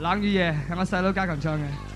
冷雨夜係我細佬家強唱嘅。